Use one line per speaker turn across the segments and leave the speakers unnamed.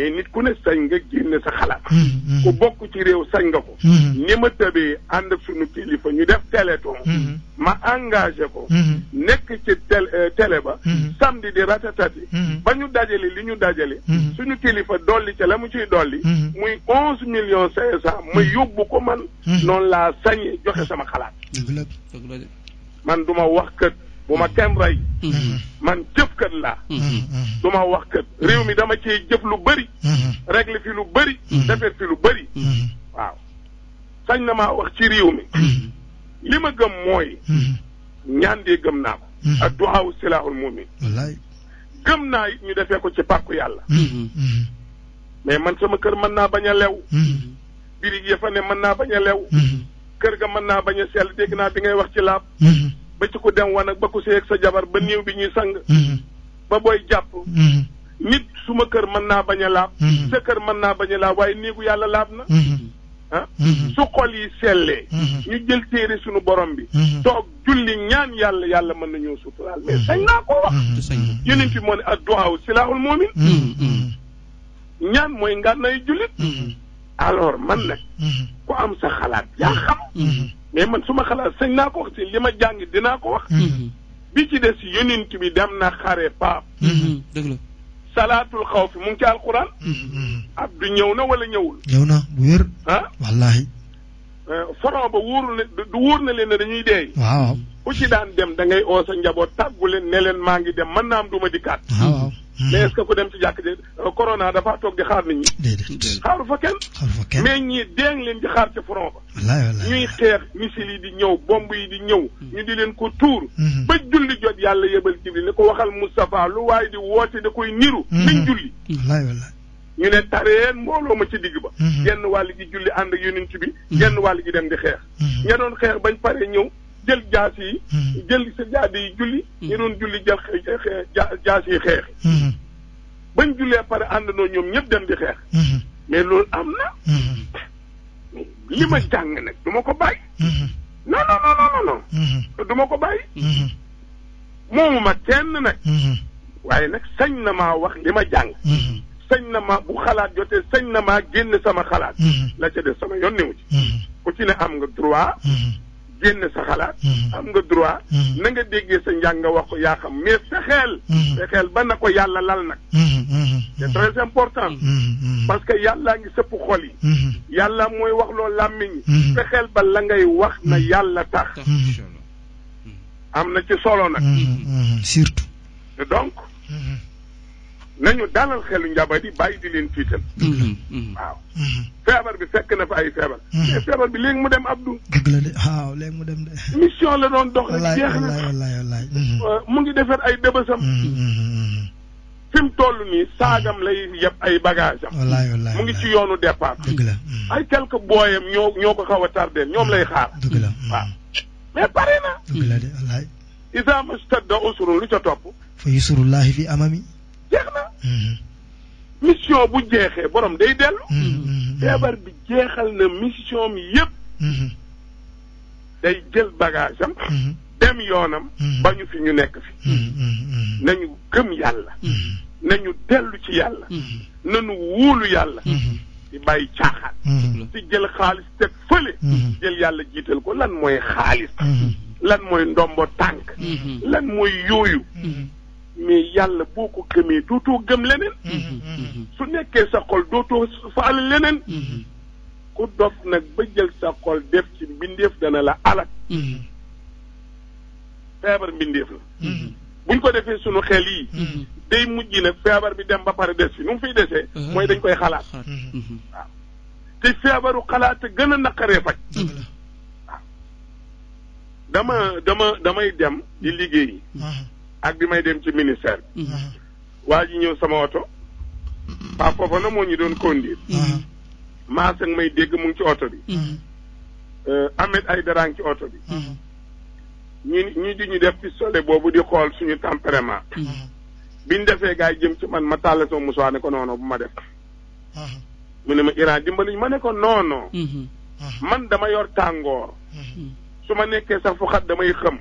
mais nit ku ne sañ nga génne sa xalaat. Hmm, hmm. ku bokk ci réew sañ nga ko. Hmm. ni ma tëbee ànd ak sunu kilifa ñu def téléthon. ma engagé ko. nekk ci tele euh, télé ba. samedi di ratatati. ba ñu dajale li ñu dajale. suñu kilifa dolli ca la mu ciy dolli. muy onze millions cinq cent ma yóbbu ko man. noonu laa sañee joxe sama xalaat. man duma wax kat. bu ma kenn rey mm-hmm. man jëfkat laa mm-hmm. du ma wax kat réew mi dama cee jëf lu bëri mm-hmm. régler fi lu bari defar fi lu bëri waaw sañ na maa wax ci réew mi li ma gëm mooy ñaan dee gëm naa ko ak duwaawu silaahul muumin gëm naa it ñu defee ko ci pàkku yàlla mais man sama kër mën naa bañ a lew birig ya fa ne mën naa bañ a lew kër ga mën naa bañ a sell dégg naa bi ngay wax ci laab ba ci ku dem wanag ba ku seeg sa jabar ba néew bi ñuy sang mm-hmm. ba booy jàpp mm-hmm. nit suma kër mën naa bañ a laab mm-hmm. sa kër mën naa bañ a laab waaye néegu yàlla laab na ah su xol yi sellee ñu jël téere sunu borom bi toog julli ñaan yàlla yàlla mën nañoo suturaal mais sañ naa ko wax yeneen fi moo ne ak duwaaw moomin ñaan mooy ngànnaayu jullit alors man nag ku am sa xalaat yaa xam mais man su ma xalaat sañ naa ko wax si li ma jàng dinaa ko wax. Mm-hmm. bi ci des yonent bi dem na xare paap. Mm-hmm. dëgg la. salaatul xawfi mu ngi ci alquran. Mm-hmm. abdu ñëw na wala ñëwul.
ñëw na bu wér. ah wallaahi.
foron euh, ba wóor na du wóor na leen ne dañuy dee. waaw ku ci daan dem da ngay oo sa njaboot tàggu leen ne leen maa ngi dem mën naa am du ma dikkaat. mais hmm. est-ce dem ci jàkk de euh, corona dafa toog di xaar nit ñi. déedéet xaaru fa fa kenn mais ñii deeng leen di xaar ca front ba. wallaay ñuy xeex missile yi di ñëw bomb yi di ñëw. Hmm. ñu di leen ko tuur. Hmm. ba julli jot yàlla yebal Jibril ni ko waxal Moustapha lu waaye di woote da koy niru. nañ julli.
wallaay wallaay.
ñu ne tareen mbooloo ma ci digg ba. genn wàll gi julli ànd ak ci bi. genn wàll gi dem di xeex. ña doon xeex bañ pare ñëw. jël jaas yi. Hmm. jël sa jaade yi julli. Hmm. ñu doon julli jël xe jaas yi xeex. Hmm. bañ jullee pare àndandoo ñoom ñëpp dem di xeex. mais loolu am na. li ma jàng nag du ma ko bàyyi. non non non du ma ko bàyyi. moomu ma kenn nag. waaye nag sañ na maa wax li ma jàng. sañ na maa bu xalaat jotee sañ na maa génn sama xalaat. la ca def sama yoon ci. ku ci ne am nga droit. génn sa xalaat. Mm-hmm. am nga droit. Mm-hmm. na nga déggee sa njàng nga wax ko yaa xam mais fexeel. Mm-hmm. fexeel ba na ko yàlla lal nag. important. parce que yàllaa ngi sëpp xol yi. yàlla mooy wax loo làmmiñ. fexeel ba la ngay wax na yàlla tax. am na ci solo nag. surtout. donc. nañu dalal xelu njaboot yi bàyyi di leen tiital. Mm-hmm. Mm-hmm. waaw. Mm-hmm. feebar bi fekk na fa ay feebar. mais feebar bi léegi mu dem Abdou. dëgg la de waaw léegi mu dem de. mission la doon dox rek jeex na wallaay wallaay euh, mu ngi defar ay dëbësam. mu toll nii saagam lay yeb ay bagage am. wallaay wallaay mu ngi ci yoonu départ. dëgg la ay quelque booyam ñoo ñoo ko xaw a ñoom lay xaar. dëgg la waaw mais pare na. dëgg la de wallaay. isa mastadda usrun lu ca topp. fa yusrullahi fi amami. jeex na. Mhm. mission bu jeexee borom day dellu. Mhm, mhm, feebar bi jeexal na mission mi yëpp. day jël bagage dem yoonam. bañu fi ñu nekk fi. nañu gëm yàlla. nañu dellu ci yàlla. nañu wóolu yàlla. di bàyyi caaxaan. jël xaalis teg fële. jël yàlla jiital ko lan mooy xaalis. lan mooy ndombo tànk. lan mooy yooyu. mais yàlla boo ko gëmee dootoo gëm leneen mm-hmm, mm-hmm. su nekkee sa xol dootoo faale leneen mm-hmm. ku dof nag ba jël sa xol def ci mbindeef dana la alak feebar mbindeef la buñ ko defee sunu xel yi day mujj nag feebar bi dem ba pare des fi nu mu fiy desee mooy dañ koy xalaat te feebaru xalaat gën a naqaree faj dama dama damay dem di liggéey ak bi may dem ci ministère bi mhm. waa ji ñëw sama oto paa foofa na moo ñu doon conduire mhm. maas ak may dégg mu ngi ci oto bi mhm. euh, Ahmed Aïdara ngi ci oto bi ñu ñu di ñu def sole boobu di xool suñu tempérament biñ defee gaa yi jëm ci man ma tàlle sama musuwaa ko noono bu ma def mu ne ma Iran dimbali ma ne ko noono man dama yor tàngoor su ma nekkee sax fu damay xëm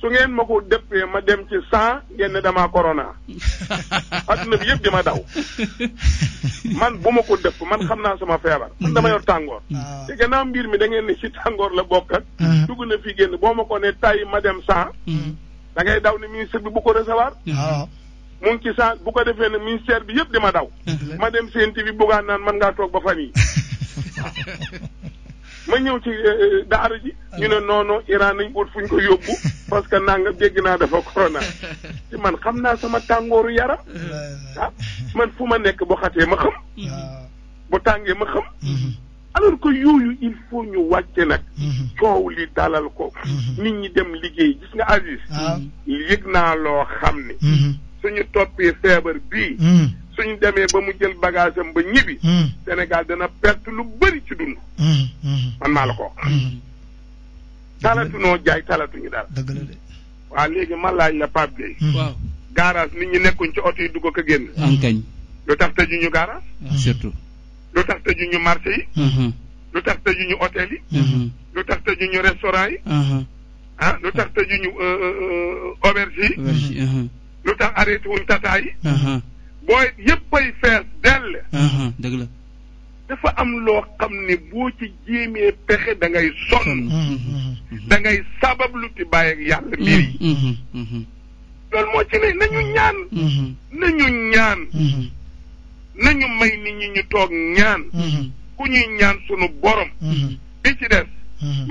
su ngeen ma ko dëppee ma dem ci cent ngeen ne damaa corona
adduna
bi yëpp di ma daw man bu ma ko dëpp man xam naa sama feebar man dama yor tàngoor mm-hmm. ah. te gannaaw mbir mi da ngeen ne ci tàngoor la bokk ak ah. dugg na fi génn boo ma ko ne tay ma dem cent mm-hmm. da ngay daw ne ministre bi bu ko recevoir mm-hmm. ah. mu ngi ci cent bu ko defee ne ministère bi yëpp di ma daw ma dem seen TV buggaan naan man ngaa toog ba fan yi ma ñëw ci euh, euh, daara ji ñu ne noono Iran nañ ut fu ñu ko yóbbu parce que nanga dégg naa dafa corona ci man xam naa sama tàngooru yaram ah man fu ma nekk bu xatee ma xam bu tàngee ma xam mm-hmm. alors que yooyu il faut ñu wàcce nag mm-hmm. coow li dalal ko mm-hmm. nit ñi dem liggéey gis nga Aziz ah. yëg naa loo xam ne suñu toppee feebar bii suñ demee ba mu jël bagage am ba ñibbi. Hmm. Sénégal dana perte lu bëri ci dund. Hmm, hmm. man maa la ko wax. talatuñoo jaay talatuñu daal. waa léegi ma laaj la Pape Gueye. garage nit ñi nekkuñ ci ot yi dugg ko génn. ankañ. lu tax tëjuñu garage. surtout. lu tax tëjuñu marché yi. lu tax tëjuñu hôtel yi. lu tax tëjuñu restaurant yi. Ah, lu tax tëjuñu euh, euh, euh, auberge yi. lu tax arrêté wuñ tata yi. booy yëppay fees dell. Uh-huh, dëgg la. dafa am loo xam ni boo ci jéemee pexe da ngay dangay mm-hmm. mm-hmm. da lu sabablu ti bàyyi ak yàlla mbir yi. Mm-hmm, loolu moo ci ne nañu ñaan. nañu ñaan. nañu may nit ñi ñu toog ñaan. ku ñuy ñaan sunu borom. bi ci des.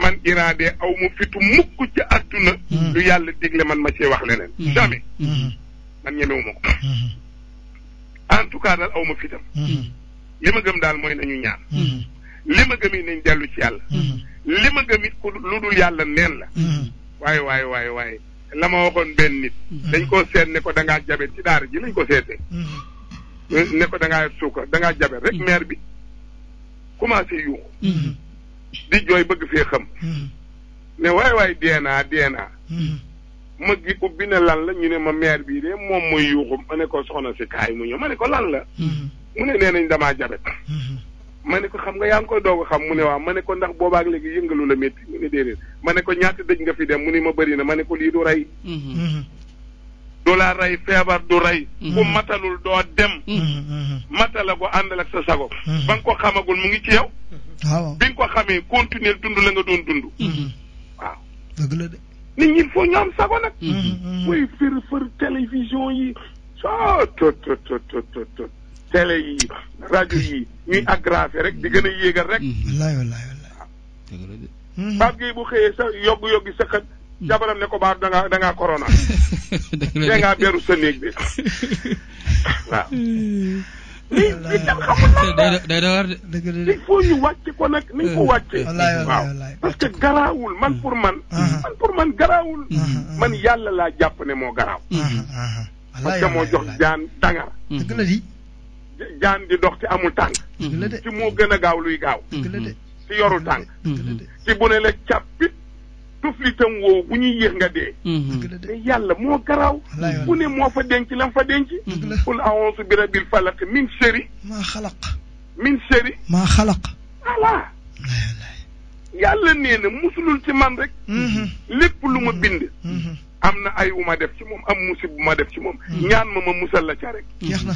man iraade aw mu fitu mukk ci àdduna. lu yàlla digle man ma cee wax leneen. jamais. man ñemewuma ko. en tout cas daal aw ma fitam hmm. li ma gëm daal mooy nañu ñaan hmm. li ma gëm it nañ dellu ci yàlla hmm. li ma gëm it ku lu dul yàlla neen la waaye waaye waaye waaye la ma waxoon benn nit dañ ko seet ne ko danga ngaa jabet ci daara ji lañ ko seetee ne ko da ngaa suukar da jabet rek maire bi
yuuxu
di jooy bëgg fee xam ne waay waay dee naa ma gi ubbi ne lan la ñu ne ma meer bii de moom mooy yuuxu ma ne ko soxna si kaay mu ñëw ma ne ko lan la. Mm-hmm. mu ne nee nañ dama jabet. Mm-hmm. ma ne ko xam nga yaa ngi koy doog xam mu ne waaw ma ne ko ndax boobaak léegi yëngalu la métti mu ne déedéet ma ne ko ñaata dëj nga fi dem mu ne ma bëri na ma ne ko lii du rey.
Mm-hmm.
du la rey feebar du rey. ku matalul doo dem. matala bu àndal ak sa sago. ba nga ko xamagul mu ngi ci yow. waaw bi nga ko xamee continuer dund la nga doon dund. nit ñi il faut sago nag. mooy fër fër télévision yi soo tot tot tot tot yi rajo yi ñuy mm-hmm. aggraver rek di gën a yéegal rek. Mm-hmm. wallaay wallaay
wallaay.
Mm-hmm. Pape Gueye bu xëyee sa yoggu yoggi sa xët. jabaram ne ko baar da danga da ngaa beru sa néeg bi waaw. lii lii tam xamul lan day day de. dëgg la il faut ko nag ni ñu wàcc wàccee. waaw parce que garaawul man pour man. Ah, ah. man pour man garawul ah, man yàlla laa jàpp ne moo garaaw. parce que moo jox jaan dangar. di. jaan di dox ci amul tànk. ci moo gën a gaaw luy gaaw. dëgg ci yorul tànk. ci bu ne la tuflitam woowu bu ñuy yéex nga dee mhm. mais yàlla moo garaaw bu ne moo fa denc lam fa denc qul a'uuzu bi rabbil falaq min sharri maa xalaq min sharri maa xalaq voilà yàlla nee musulul ci man rek mhm. lépp lu ma mhm. bind am na ay wu ma def ci moom am musib ma def ci moom ñaan ma ma musal la ca rek jeex na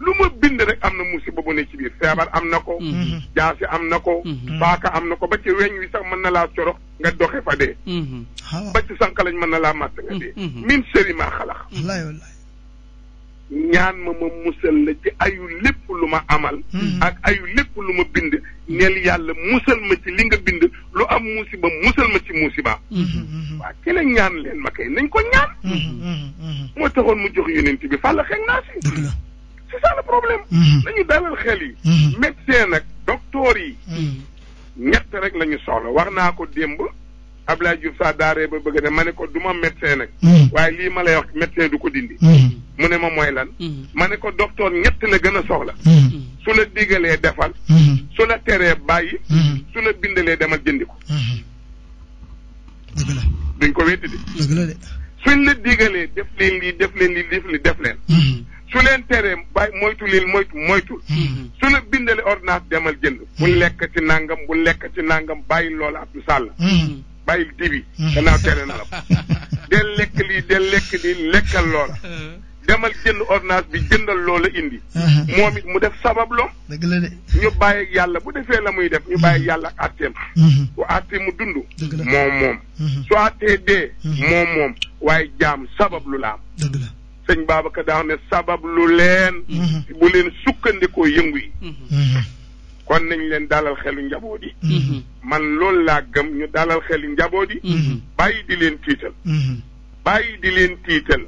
lu ma bind rek am na musiba bu ne ci biir feebar am na ko mhm. Mhm. jaasi am na ko mhm. paaka am na ko ba ci weñ wi sax mën na laa soro nga doxe fa dee ah. ba ci sànq lañ mën na laa màtt nga dee min sëri maa xalax ñaan ma ma musal la ci ayu lépp lu ma amal ak ayu lépp lu ma bind neel yàlla musal ma ci li nga bind lu am musiba musal ma ci musiba waa ki la ñaan leen ma kay nañ ko ñaan moo taxoon mu jox yonent bi fàlla xeeg naa si c'est ça le problème. Mm-hmm. Mm-hmm. nañu dalal xel yi. Mm-hmm. médecin nag doktoor yi. ñett rek la ñu soxla wax naa ko démb Abdoulaye Diouf saa daaree ba bëgg ne ma ne ko duma ma médecin nag. waaye lii ma lay wax médecin du ko dindi.
mu
ne ma mooy lan. ma ne ko docteur ñett la gën a soxla. su la digalee defal. su la teree bàyyi. su la bindalee demal jëndi ko. dëgg la duñ ko wétti de. dëgg la de. suñ la digalee def leen lii def leen lii def leen. su leen teree bàyyi moytu lil moytu moytul hmm. su la bindale ordonnance demal jënd bul hmm. lekk ci nangam bul lekk ci nangam bàyyi loolu Abdou Sall hmm. bàyyil dibi gannaaw tere na la del lekk lii del lekk lii lekkal loola demal jënd ordonnance bi jëndal loola indi moom it mu def sabab loom dëgg ñu bàyyi yàlla bu defee la muy def ñu bàyyi yàlla ak atteem bu attee mu dund moom moom su attee dee moom moom waaye jaam sabab lu la am sëñ Babacar daa ne sabab lu leen. Mhm. bu leen sukkandikoo yëngu yi. Mhm. Mhm. kon nañ leen dalal xelu njaboot yi. man loolu laa gëm ñu dalal xelu njaboot yi. bàyyi di leen tiital. bàyyi di leen
tiital.